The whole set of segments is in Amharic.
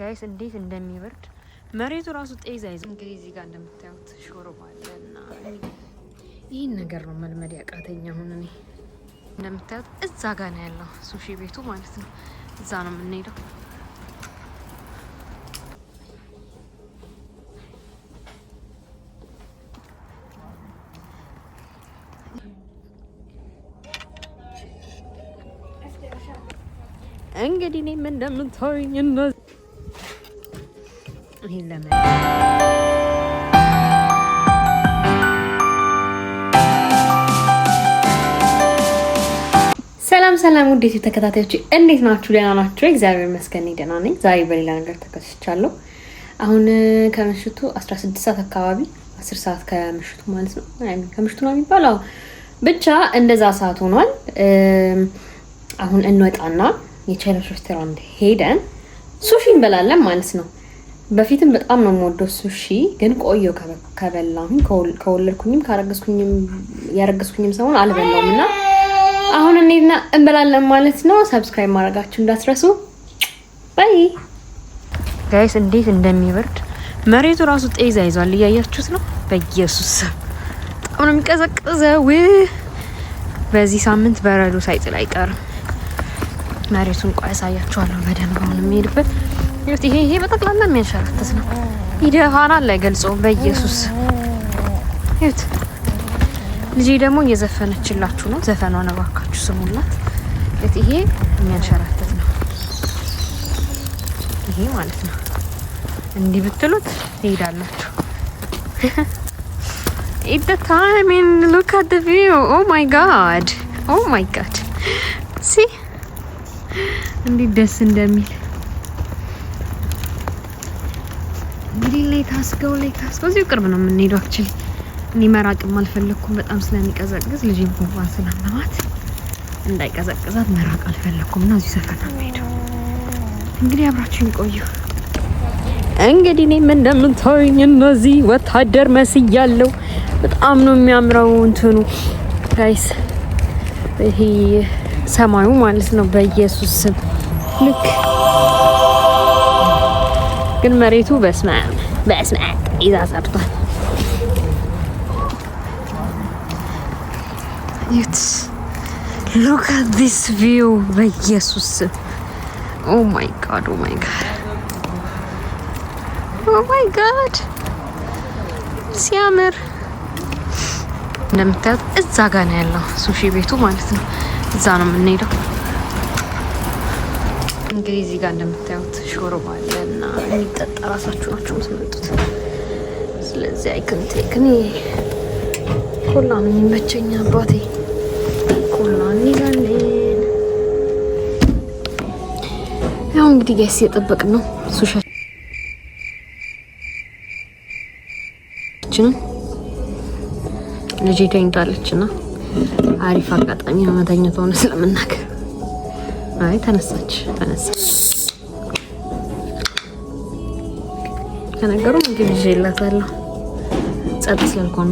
ጋይስ እንዴት እንደሚበርድ መሬቱ ራሱ ጤዛ ይዘ እንግዲህ እዚህ ጋር እንደምታዩት ሾርባ አለና ይህን ነገር ነው መልመድ ያቃተኝ። አሁን እኔ እንደምታዩት እዛ ጋ ነው ያለው ሱሺ ቤቱ ማለት ነው። እዛ ነው የምንሄደው። እንግዲህ እኔም እንደምታዩኝ ይሄን ለምን ሰላም ሰላም፣ ውዴት ተከታታዮች እንዴት ናችሁ? ደህና ናችሁ? እግዚአብሔር ይመስገን ደህና ነኝ። ዛሬ በሌላ ነገር ተከስቻለሁ። አሁን ከምሽቱ 16 ሰዓት አካባቢ 10 ሰዓት ከምሽቱ ማለት ነው። ከምሽቱ ነው የሚባለው ብቻ እንደዛ ሰዓት ሆኗል። አሁን እንወጣና የቻይና ሬስቶራንት ሄደን ሱሺ እንበላለን ማለት ነው። በፊትም በጣም ነው የምወደው ሱሺ፣ ግን ቆየው ከበላሁኝ ከወለድኩኝም ካረገዝኩኝም ያረገዝኩኝም ሰሞን አልበላውም እና አሁን እኔና እንበላለን ማለት ነው። ሰብስክራይብ ማድረጋችሁ እንዳትረሱ። ባይ ጋይስ፣ እንዴት እንደሚበርድ መሬቱ ራሱ ጤዛ ይዟል። እያያችሁት ነው። በኢየሱስ በጣም ነው የሚቀዘቅዘው። በዚህ ሳምንት በረዶ ሳይጥል አይቀርም። መሬቱን ቆይ አሳያችኋለሁ በደንብ አሁን የሚሄድበት ይሄ ይሄ በጠቅላላ የሚያንሸራትት ነው። ይደሃናል ላይ ገልጾ በኢየሱስ ይሁት። ልጅ ደግሞ እየዘፈነችላችሁ ነው። ዘፈኗን እባካችሁ ስሙላት። ይሄ የሚያንሸራትት ነው። ይሄ ማለት ነው። እንዲህ ብትሉት ትሄዳላችሁ። ኢት ዘ ታይም ኢን ሉክ አት ቪው ኦ ማይ ጋድ ኦ ማይ ጋድ ሲ እንዴት ደስ እንደሚል ሌታስገው ሌታስገው እዚሁ ቅርብ ነው የምንሄደው። አክቹሊ እኔ መራቅም አልፈለግኩም በጣም ስለሚቀዘቅዝ ልጅ ጉንፋን ስለማማት እንዳይቀዘቅዛት መራቅ አልፈለግኩም እና እዚሁ ሰፈር ነው የምሄደው። እንግዲህ አብራችሁን ቆዩ። እንግዲህ እኔም እንደምታዩኝ እነዚህ ወታደር መስያለው። በጣም ነው የሚያምረው እንትኑ ጋይስ፣ ይሄ ሰማዩ ማለት ነው። በኢየሱስ ስም ልክ ግን መሬቱ በስመ አብ በስመ አብ ይዛ ሰርቷል። ሉክ አት ዲስ ቪው በኢየሱስ ኦ ማይ ጋድ ኦ ማይ ጋድ ኦ ማይ ጋድ ሲያምር እንደምታዩት እዛ ጋ ነው ያለው ሱሺ ቤቱ ማለት ነው። እዛ ነው የምንሄደው። እንግዲህ እዚህ ጋር እንደምታዩት ሾርባ አለ እና የሚጠጣ ራሳችሁ ናቸው የምትመጡት። ስለዚህ አይክንቴ ቴክን ኮላ ነው የሚመቸኝ አባቴ ኮላ እንይዛለን። ያው እንግዲህ ጋይስ እየጠበቅን ነው ሱሻችንን ልጅ ተኝታለች እና አሪፍ አጋጣሚ ነው መተኛት ሆነ ስለምናገር አይ ተነሳች ተነሳች። ከነገሩ ምግብ ይዤ እላታለሁ። ጸጥ ስላልኳን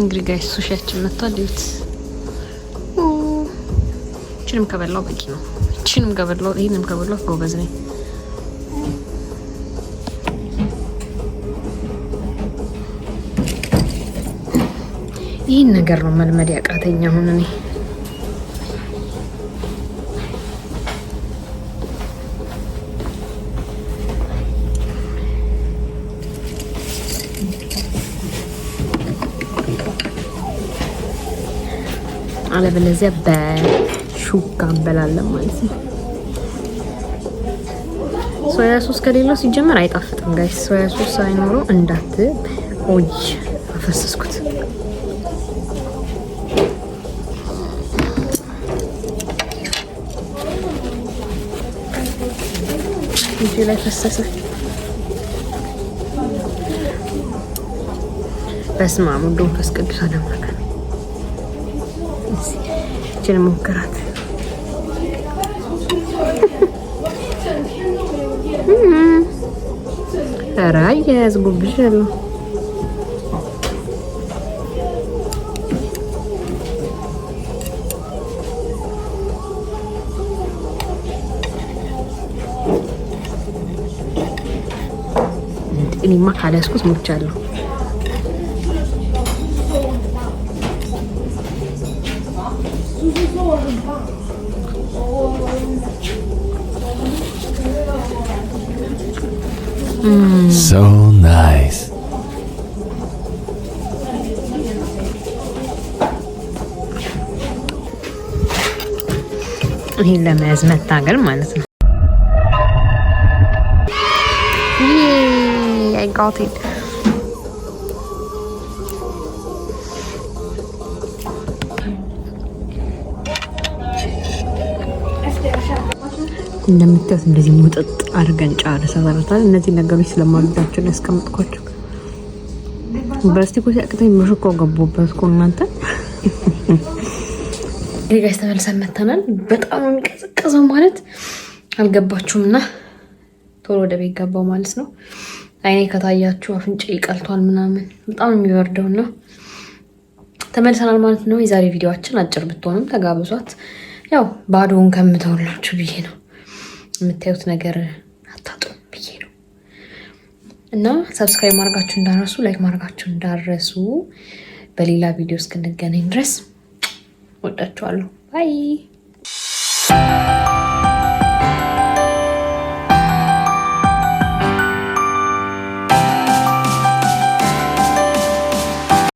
እንግዲህ ጋይስ ሱሺያችን መጥቷል። ዲት እችንም ከበላው በቂ ነው። እችንም ከበላው ይሄንም ከበላው ጎበዝ ነኝ። ይህን ነገር ነው መልመድ ያቃተኝ አሁን እኔ አለበለዚያ በሹካ እንበላለን ማለት ነው። ሶያ ሶስ ከሌለው ሲጀመር አይጣፍጥም ጋይስ። ሶያ ሶስ ሳይኖረው እንዳት ኦይ አፈሰስኩት። እጁ ላይ ፈሰሰ። በስመ አብ ወወልድ ወመንፈስ ቅዱስ አላማ እችን ሞክራት። ኧረ አያያዝ ጉብሽ አለው። እኔማ ካላያዝኩት ሞቻለሁ። So nice. Hidden as Metagal Yay, I got it. እንደምታዩት እንደዚህ ሙጥጥ አድርገን ጨርሰ ሰርተናል። እነዚህ ነገሮች ነው ያስቀምጥኳቸው በስቲኮ ሲያቅተኝ ምሽኮ ገቦበት እኮ እናንተ ጋይስ ተመልሰን መተናል። በጣም የሚቀዘቀዘው ማለት አልገባችሁም እና ቶሎ ወደ ቤት ገባው ማለት ነው። አይኔ ከታያችሁ አፍንጭ ይቀልቷል ምናምን በጣም የሚወርደው እና ተመልሰናል ማለት ነው። የዛሬ ቪዲዮችን አጭር ብትሆንም ተጋብዟት ያው ባዶውን ከምተውላችሁ ብዬ ነው። የምታዩት ነገር አታጡ ብዬ ነው እና ሰብስክራይብ ማድረጋችሁ እንዳረሱ፣ ላይክ ማድረጋችሁ እንዳረሱ። በሌላ ቪዲዮ እስክንገናኝ ድረስ ወዳችኋለሁ። ባይ